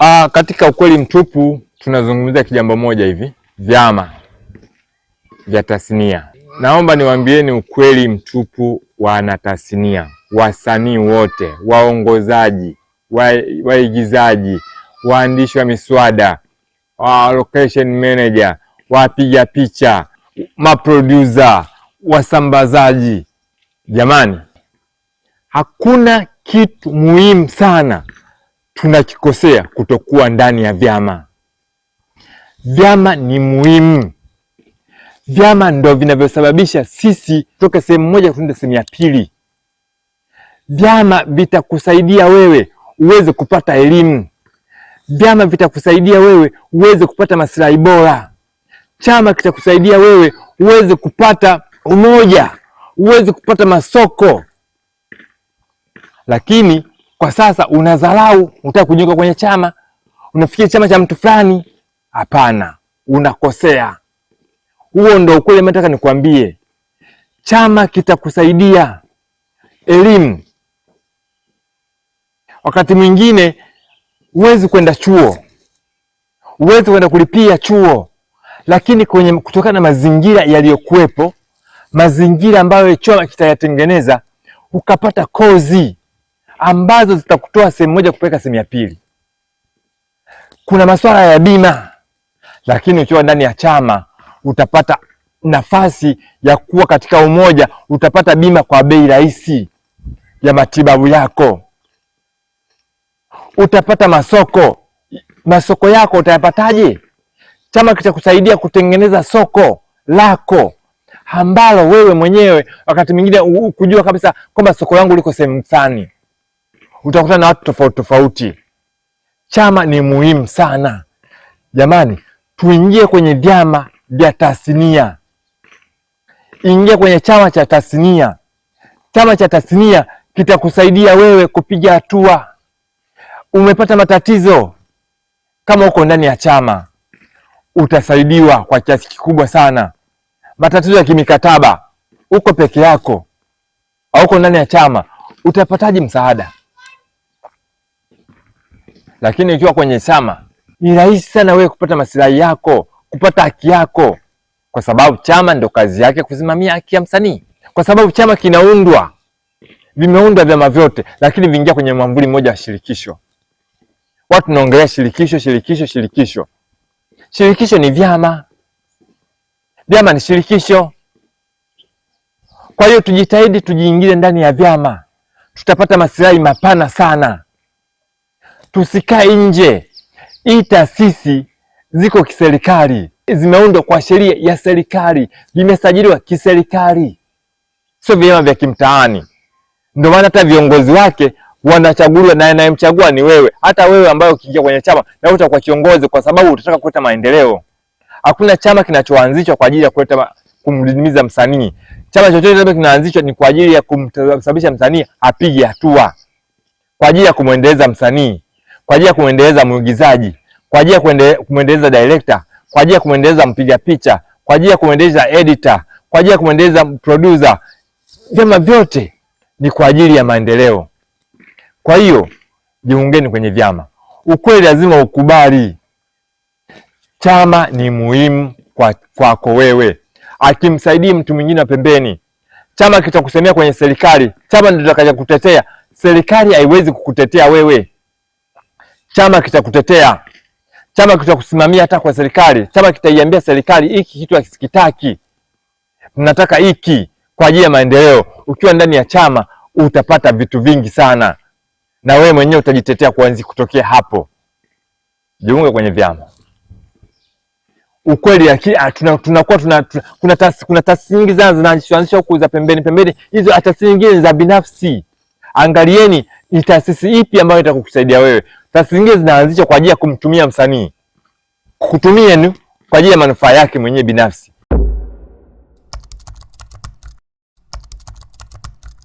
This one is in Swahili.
Ah, katika ukweli mtupu tunazungumzia kijambo moja hivi, vyama vya tasnia. Naomba niwaambieni ukweli mtupu, wana tasnia, wasanii wote, waongozaji, wa, waigizaji, waandishi wa miswada, wa location manager, wapiga picha, maproducer, wasambazaji, jamani, hakuna kitu muhimu sana tunakikosea kutokuwa ndani ya vyama. Vyama ni muhimu, vyama ndo vinavyosababisha sisi tutoke sehemu moja kwenda sehemu ya pili. Vyama vitakusaidia wewe uweze kupata elimu, vyama vitakusaidia wewe uweze kupata maslahi bora, chama kitakusaidia wewe uweze kupata umoja, uweze kupata masoko, lakini kwa sasa unadharau, unataka kujiunga kwenye chama, unafikia chama cha mtu fulani. Hapana, unakosea. Huo ndo ukweli. Nataka nikwambie, chama kitakusaidia elimu. Wakati mwingine huwezi kwenda chuo, huwezi kwenda kulipia chuo, lakini kwenye kutokana na mazingira yaliyokuwepo, mazingira ambayo chama kitayatengeneza, ukapata kozi ambazo zitakutoa sehemu moja kupeleka sehemu ya pili. Kuna masuala ya bima, lakini ukiwa ndani ya chama utapata nafasi ya kuwa katika umoja, utapata bima kwa bei rahisi ya matibabu yako, utapata masoko. Masoko yako utayapataje? Chama kitakusaidia kutengeneza soko lako ambalo wewe mwenyewe wakati mwingine kujua kabisa kwamba soko langu liko sehemu fulani utakutana na watu tofauti tofauti. Chama ni muhimu sana jamani, tuingie kwenye vyama vya tasnia, ingia kwenye chama cha tasnia. Chama cha tasnia kitakusaidia wewe kupiga hatua. Umepata matatizo, kama uko ndani ya chama utasaidiwa kwa kiasi kikubwa sana. Matatizo ya kimikataba, uko peke yako, hauko ndani ya chama, utapataje msaada? lakini ukiwa kwenye chama ni rahisi sana wewe kupata masilahi yako, kupata haki yako, kwa sababu chama ndo kazi yake kusimamia haki ya msanii, kwa sababu chama kinaundwa, vimeundwa vyama vyote, lakini vingia kwenye mwamvuli mmoja wa shirikisho. Watu naongelea shirikisho, shirikisho, shirikisho. Shirikisho ni vyama, vyama ni shirikisho. Kwa hiyo tujitahidi, tujiingile ndani ya vyama, tutapata masilahi mapana sana. Tusikae nje. Hii taasisi ziko kiserikali, zimeundwa kwa sheria ya serikali, vimesajiliwa kiserikali, sio vyama vya kimtaani. Ndio maana hata viongozi wake wanachaguliwa na anayemchagua ni wewe. Hata wewe ambaye ukiingia kwenye chama na wewe utakuwa kiongozi, kwa sababu utataka kuleta maendeleo. Hakuna chama kinachoanzishwa kwa ajili ya kuleta kumdidimiza msanii. Chama chochote ambacho kinaanzishwa ni kwa ajili ya kumsababisha msanii apige hatua, kwa ajili ya kumwendeleza msanii kwa ajili ya kumwendeleza mwigizaji, kwa ajili ya kumwendeleza director, kwa ajili ya kumwendeleza mpiga picha, kwa ajili ya kumwendeleza editor, kwa ajili ya kumwendeleza producer. Vyama vyote ni kwa ajili ya maendeleo. Kwa hiyo jiungeni kwenye vyama. Ukweli lazima ukubali, chama ni muhimu kwako kwa wewe, akimsaidii mtu mwingine wa pembeni. Chama kitakusemea kwenye serikali, chama ndio kitakachokutetea. Serikali haiwezi kukutetea wewe chama kitakutetea, chama kitakusimamia hata kwa serikali, chama kitaiambia serikali hiki kitu hakisikitaki, nataka hiki kwa ajili ya maendeleo. Ukiwa ndani ya chama utapata vitu vingi sana, na wewe mwenyewe utajitetea kuanzi kutokea hapo. Jiunge kwenye vyama. Ukweli ya kia, ah, tuna, tuna, tuna, tuna, kuna taasisi kuna taasisi nyingi sana zinaanzishwa huku za pembeni pembeni, hizo taasisi nyingine za binafsi. Angalieni ni taasisi ipi ambayo itakukusaidia wewe sasa zingine zinaanzishwa kwa ajili ya kumtumia msanii, kutumia kwa ajili ya manufaa yake mwenyewe binafsi.